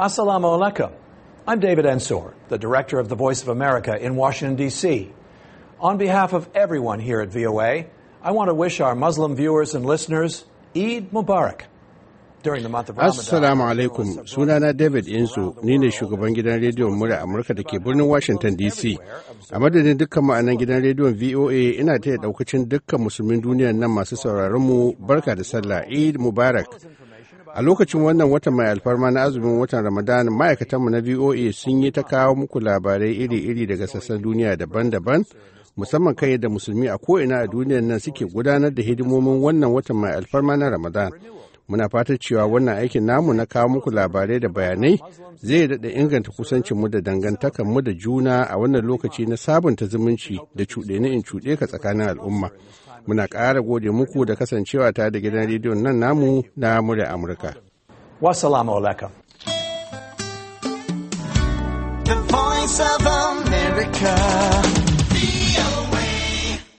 Assalamu alaikum. I'm David Ensor, the director of the Voice of America in Washington, D.C. On behalf of everyone here at VOA, I want to wish our Muslim viewers and listeners Eid Mubarak. during the month of Ramadan. Assalamu alaikum. Sunana David Insu, ni ne shugaban gidan rediyon murya Amurka da ke birnin Washington DC. A madadin dukkan ma'anan gidan rediyon VOA ina taya daukacin dukkan musulmin duniyar nan masu sauraron mu barka da sallah Eid Mubarak. A lokacin wannan watan mai alfarma na azumin watan Ramadan ma'aikatanmu na VOA sun yi ta kawo muku labarai iri-iri daga sassan duniya daban-daban musamman kai da musulmi a ko'ina a duniyar nan suke gudanar da hidimomin wannan watan mai alfarma na Ramadan. muna fatar cewa wannan aikin namu na kawo muku labarai da bayanai zai daɗa inganta kusancinmu da dangantakanmu da juna a wannan lokaci na sabunta zumunci da cuɗe ni in cuɗe ka tsakanin al'umma muna ƙara gode muku da kasancewa ta da gidan rediyon nan namu na murya amurka wasalamu alaikum The voice of